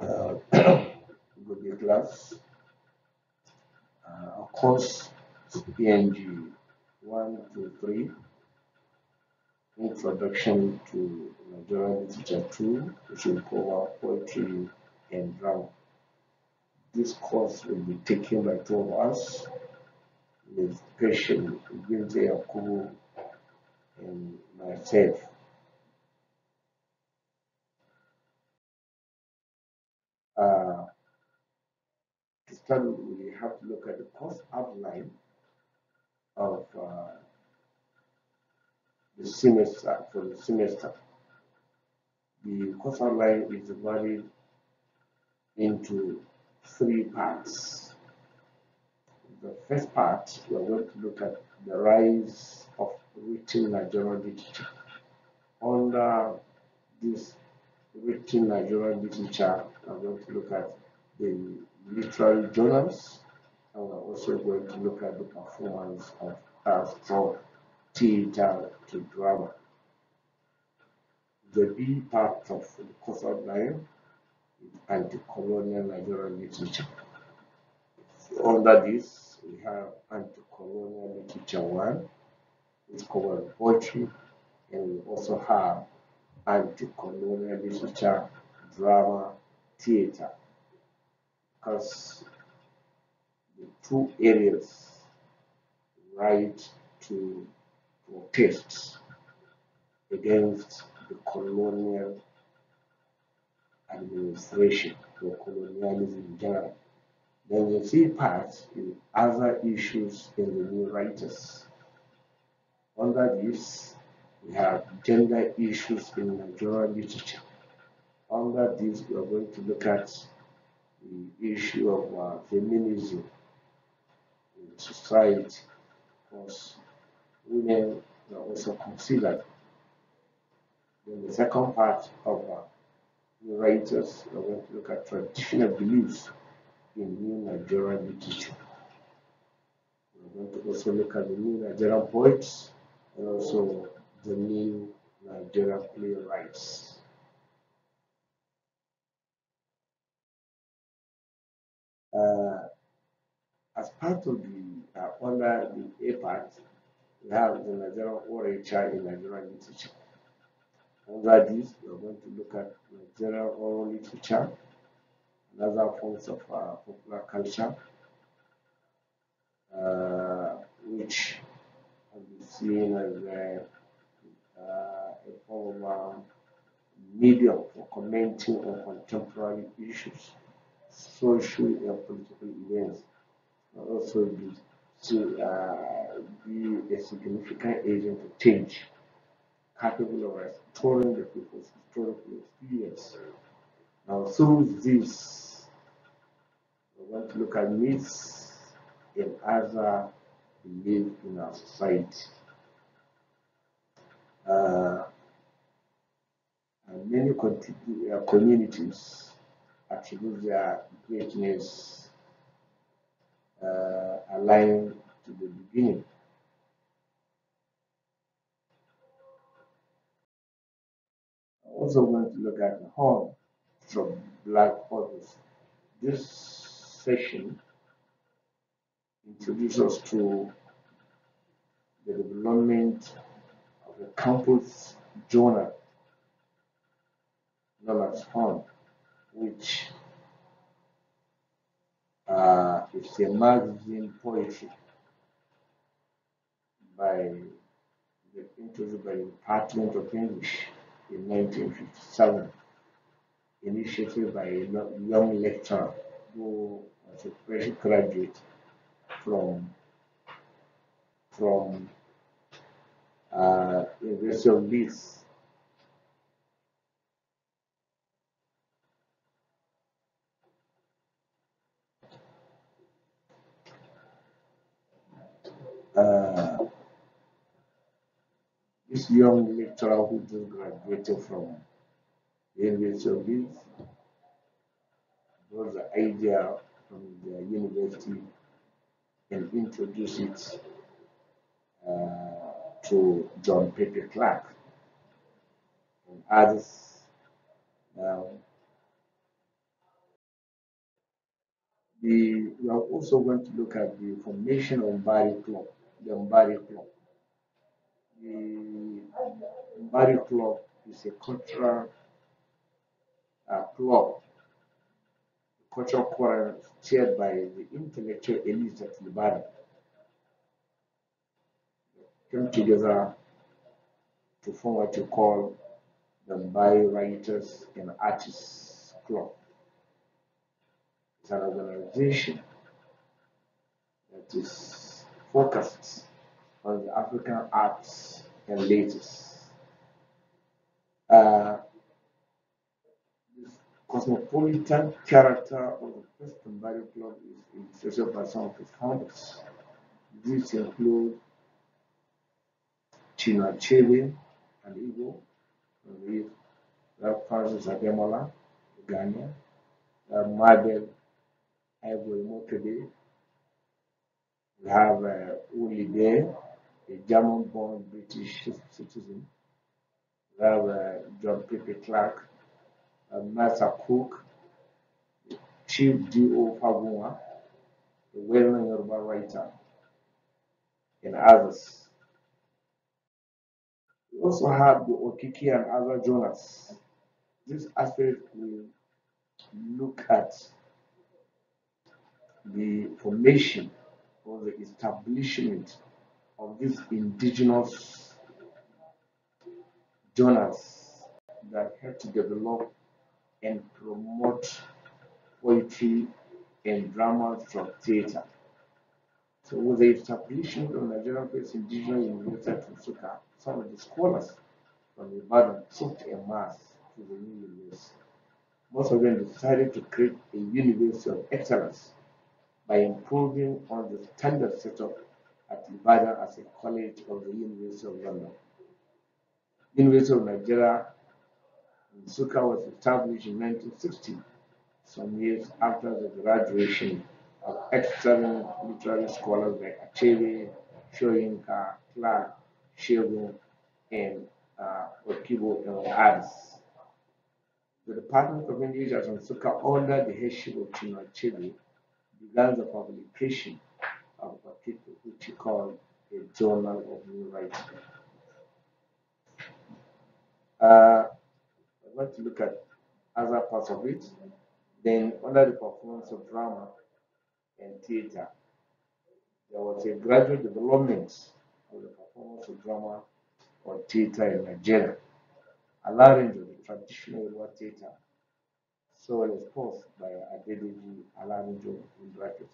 uh, will be glass. Uh, of course, PNG 1 to 3. Introduction to Nigerian Literature 2, which will cover poetry and drama. This course will be taken by two of us with Patient Gwente Yakubu and myself. uh, this time we have to look at the course outline of uh, the semester for the semester. The course outline is divided into three parts. The first part, we are going to look at the rise of written Nigerian literature. Under this written Nigerian literature, i we're going to look at the literary journals, and we're also going to look at the performance of art from theater to drama. The B part of the course outline is anti-colonial Nigerian literature. Under this, we have anti-colonial literature one, it's covering poetry, and we also have anti-colonial literature, drama, theater because the two areas right to protest against the colonial administration or colonialism in general. Then the third part is other issues in the new writers. Under this, we have gender issues in Nigerian literature under this we are going to look at the issue of uh, feminism in society because women are also considered in the second part of uh, the writers are going to look at traditional beliefs in new Nigerian literature. We're going to also look at the new Nigerian poets and also the new Nigerian playwrights. Uh, as part of the uh, under the APAT, we have the Nigerian literature in Nigerian literature. Under this, we are going to look at Nigerian oral literature and other forms of uh, popular culture, uh, which can be seen as a, uh, a form of um, medium for commenting on contemporary issues social and political events also be to uh, be a significant agent of change, capable of restoring the people's historical experience. Now, through this, we want to look at myths and other beliefs in our society. Uh, many uh, communities attribute their greatness uh, aligned to the beginning. I also going to look at the horn from Black Horses. This session introduces us to the development of the campus journal known as HORN which uh, is a magazine poetry by the, introduced by the Department of English in 1957, initiated by a young lecturer who was a fresh graduate from from uh, University of Leeds Uh, this young lecturer who just graduated from the University of Leeds got the idea from the university and introduced it uh, to John Pepe Clark and others. Now, um, we are also going to look at the formation of Barry Club Bambari The Bambari Club is a cultural uh, club, a cultural quarrel chaired by the intellectual elites of Libari. Come together to form what you call the Bambari Writers and Artists Club. It's an organization that is focused on the African arts and letters. Uh, this cosmopolitan character of the first Zimbabwe club is expressed by some of its founders. These include Chinachebe and Igbo, with Francis Ademola, Ghana, uh, Mabel Ivory Mokebe, we have uh, Uli Day, a German-born British citizen. We have uh, John Pepe Clark, uh, Martha Cook, Chief D.O. Faguma, a well-known Yoruba writer, and others. We also have the Okiki and other journalists. This aspect will look at the formation for the establishment of these indigenous donors that help to develop and promote poetry and drama from theater. So with the establishment of Nigerian based indigenous university in Suka, some of the scholars from the Ibadan took a mass to the new university. Most of them decided to create a university of excellence by improving on the standard set up at Ibadan as a college of the University of London. University of Nigeria Suka was established in 1960, some years after the graduation of excellent literary scholars like Achebe, Shoyinka, Clark, Shegun, and uh, Okibo and others. The Department of English at Nsukka, under the headship of Chinua Achebe, began the publication of a paper, which he called a Journal of New Writing. Uh, I want to look at other parts of it. Then under the performance of drama and theater, there was a gradual development of the performance of drama or theater in Nigeria, allowing the traditional theater so it was caused by Adedoji Alamijo in brackets.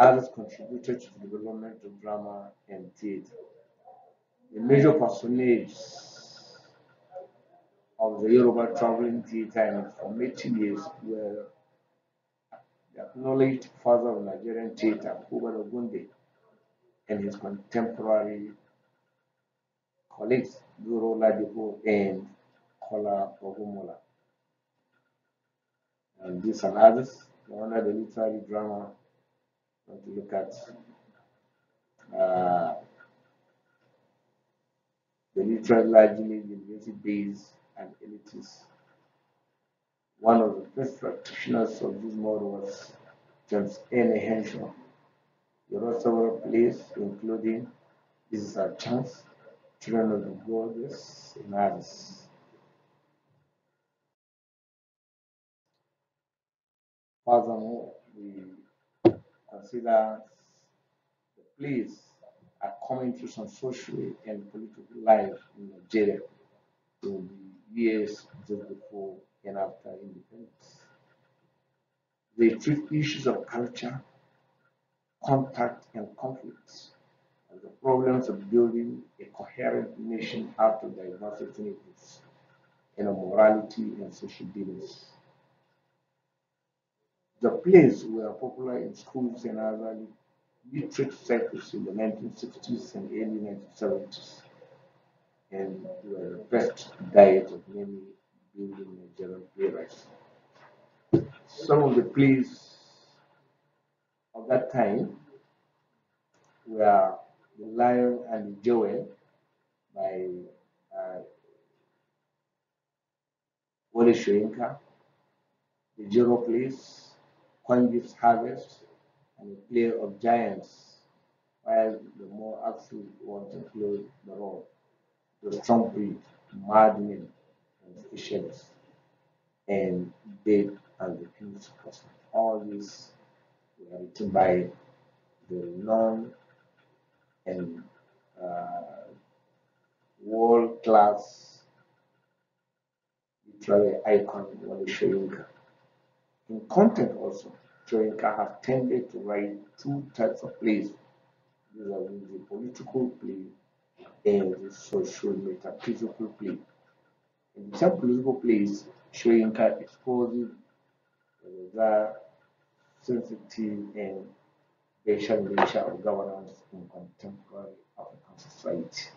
Others contributed to the development of drama and theatre. The major personages of the Yoruba traveling theatre and formative years were the acknowledged father of Nigerian theatre, Hubert Ogunde, and his contemporary colleagues Duroladipo and Kola Pohumula. And this and others, under the literary drama, want to look at uh, the literary largely university days and elites. One of the first practitioners of this model was James N. Henshaw. He wrote several plays, including This Is Our Chance, Trono de Godes as Ares. Furthermore, we consider the police are coming to some social and political life in Nigeria in the years just before and after independence. They treat issues of culture, contact, and conflicts the problems of building a coherent nation out of diverse ethnicities and of morality and social dealings. The plays were popular in schools and other literary circles in the 1960s and early 1970s, and were the best diet of many building Nigerian playwrights. Some of the plays of that time were the Lion and the Jewel by uh, Wally Shoinka, The Jero Place, Quanji's Harvest, and the Play of Giants, while the more absolute ones include The role, The Strong Breed, madmen, Men, and Fishes, and they and the King's All these were written by the non and uh, world class literary icon Wally Soyinka. In content also, Soyinka has tended to write two types of plays. These are the political play and the social metaphysical play. In some political plays, Soyinka exposes the sensitive and racial nature of governance in contemporary African society.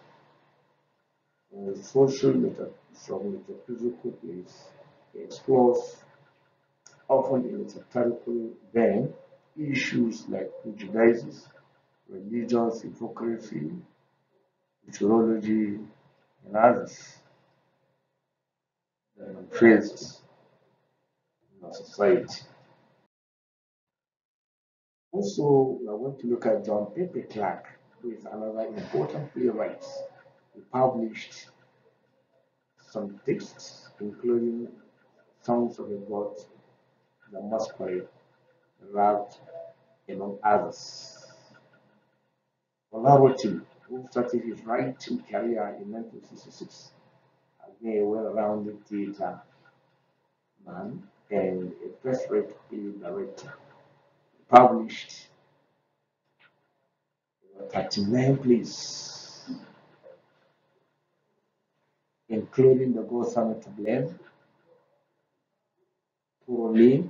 Uh, social meta from metaphysical is explores often in a satirical vein issues like prejudices, religious hypocrisy, meteorology, and others that faces in our society. Also, we are going to look at John Pepe Clark, who is another important playwright. He published some texts, including Songs of the God, The Masquerade, Rat, among others. Olaroti, who started his writing career in 1966, has been a well-rounded theater man and a first-rate film director published. 39 please, including the Gosama to blame, why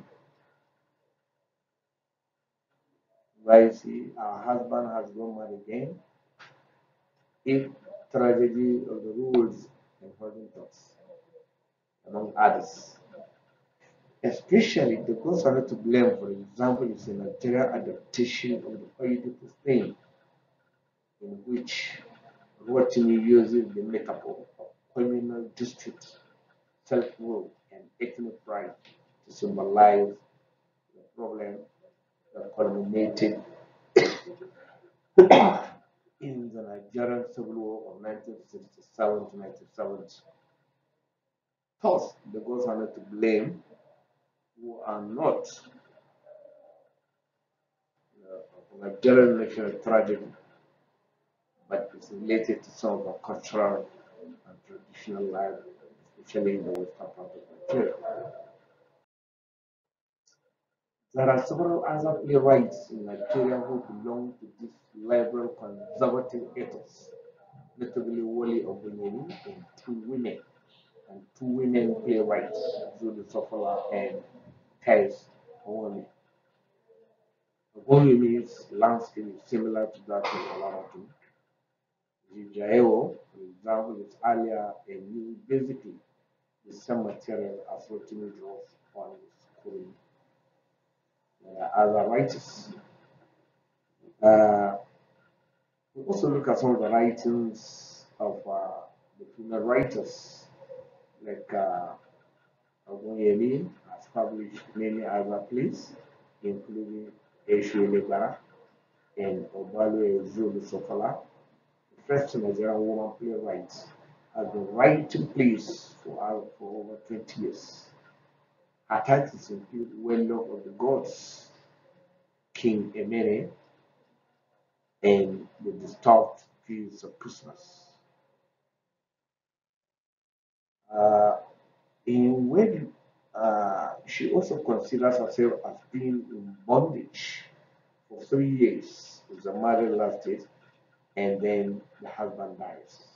Vaisi, our husband has gone mad again. If tragedy of the rules and holding talks, among others especially the gods are not to blame, for example, it's the material adaptation of the political thing in which Rotimi uses the makeup of communal districts, self-rule, and ethnic pride to symbolize the problem that culminated in the Nigerian Civil War of 1967 to 1970. Thus, the gods are not to blame are not uh, like German national tragedy, but it's related to some of our cultural and traditional life, especially in the western part of Nigeria. There are several other playwrights in Nigeria who belong to this liberal conservative ethos, notably Wally Ogunyewu and two women, and two women playwrights, Judy Sofola and test only. Ogoni means landscape similar to that in Alawatu. Jinjaeo, for example, is earlier a new, basically the same material as what you draws on screen uh, as a writers. Uh, we also look at some of the writings of uh, the female writers like uh, Ogunyemi, published many other plays, including Eshuelegba and Obalue Zulu the first Nigerian woman playwright at the right place for, for over 20 years. Her titles include Wedlock of the Gods, King Emere, and The Distorted Fields of Christmas. Uh, in Wedlock, uh, she also considers herself as being in bondage for three years The mother married it, and then the husband dies.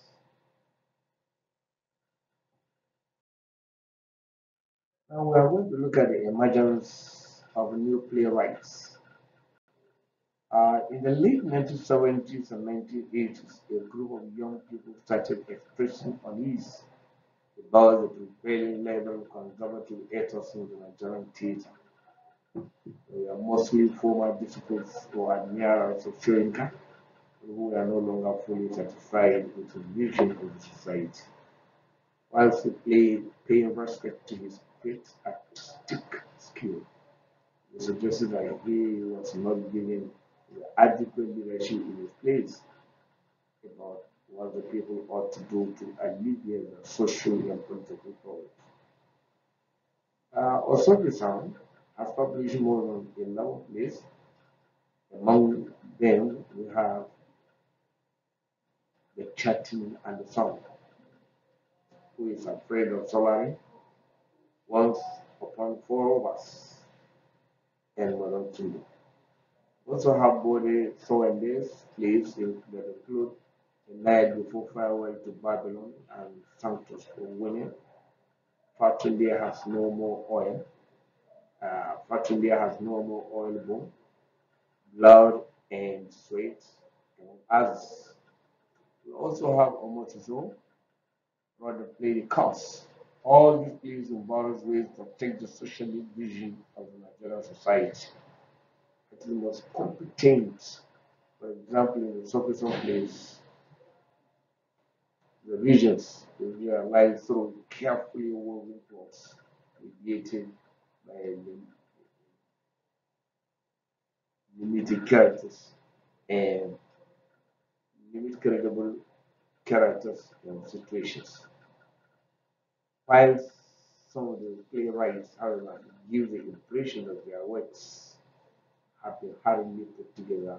Now we are going to look at the emergence of new playwrights. Uh, in the late 1970s and 1980s, a group of young people started expressing unease about the prevailing liberal conservative ethos in the Nigerian theatre. They are mostly former disciples or admirers of Shoinka who are no longer fully satisfied with the vision of the society. Whilst he played paying respect to his great artistic skill, he suggested that he was not given the adequate leadership in his place about what the people ought to do to alleviate the social and political problems. Uh, the Sound has published more than 11 plays. Among them, we have the chatting and the song. Who is afraid of Solari? Once upon four of us, and Madame Tulu. Also have body, so and this, the include the night before farewell to Babylon and us for winning. Fatimbear has no more oil. Uh, has no more oil bone, blood and sweat. And as we also have omotizol, rather play the cause. All these plays in various ways protect the socialist vision of the Nigerian society. It is the most competent, for example, in the surface of place, the regions in your life through carefully woven plots mediated by limited characters and limit credible characters and situations. While some of the playwrights, however, give the impression that their works have been hurriedly put together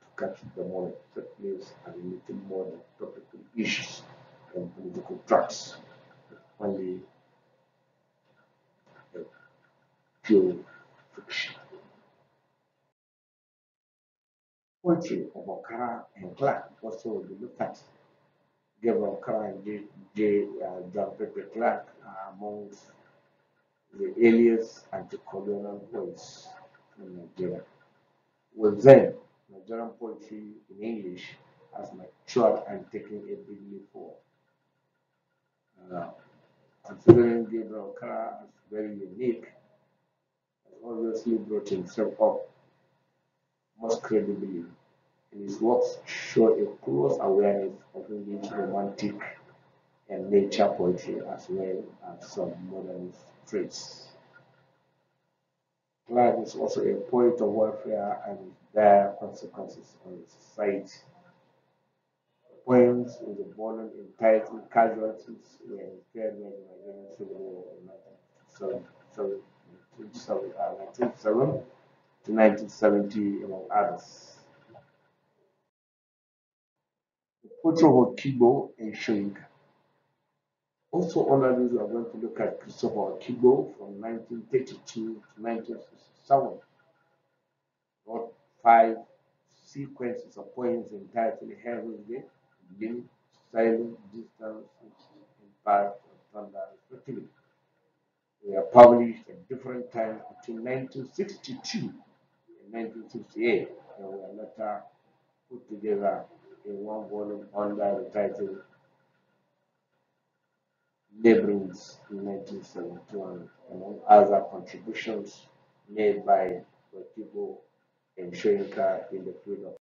to capture the moment that means are little more than topical issues political drugs, only pure fiction. Poetry of Okara and Clark also be looked at. Gabriel Okara and J. Uh, John Pepe Clark are uh, amongst the earliest anti-colonial poets in Nigeria. With them, Nigerian poetry in English has matured and taken a big leap forward. Now, uh, considering Gabriel Carr is very unique, has obviously brought himself up most credibly, and his works show a close awareness of English romantic and nature poetry as well as some modernist traits. Clark is also a poet of warfare and their consequences on society. Wales was born in entitled casualties were declared by the Nigerian Civil War in 1907 uh, to 1970, among others. The portrait of Kibo and Shoinka. Also on our list, we are going to look at Christopher Kibo from 1932 to 1967. five sequences of poems entitled Heaven's Gate limb, distant, distance, impact, and thunder, respectively. They were published at different times between 1962 and 1968 and were later put together in one volume under the title Labyrinths in 1971, among other contributions made by Wakibo and Shoinka in the field of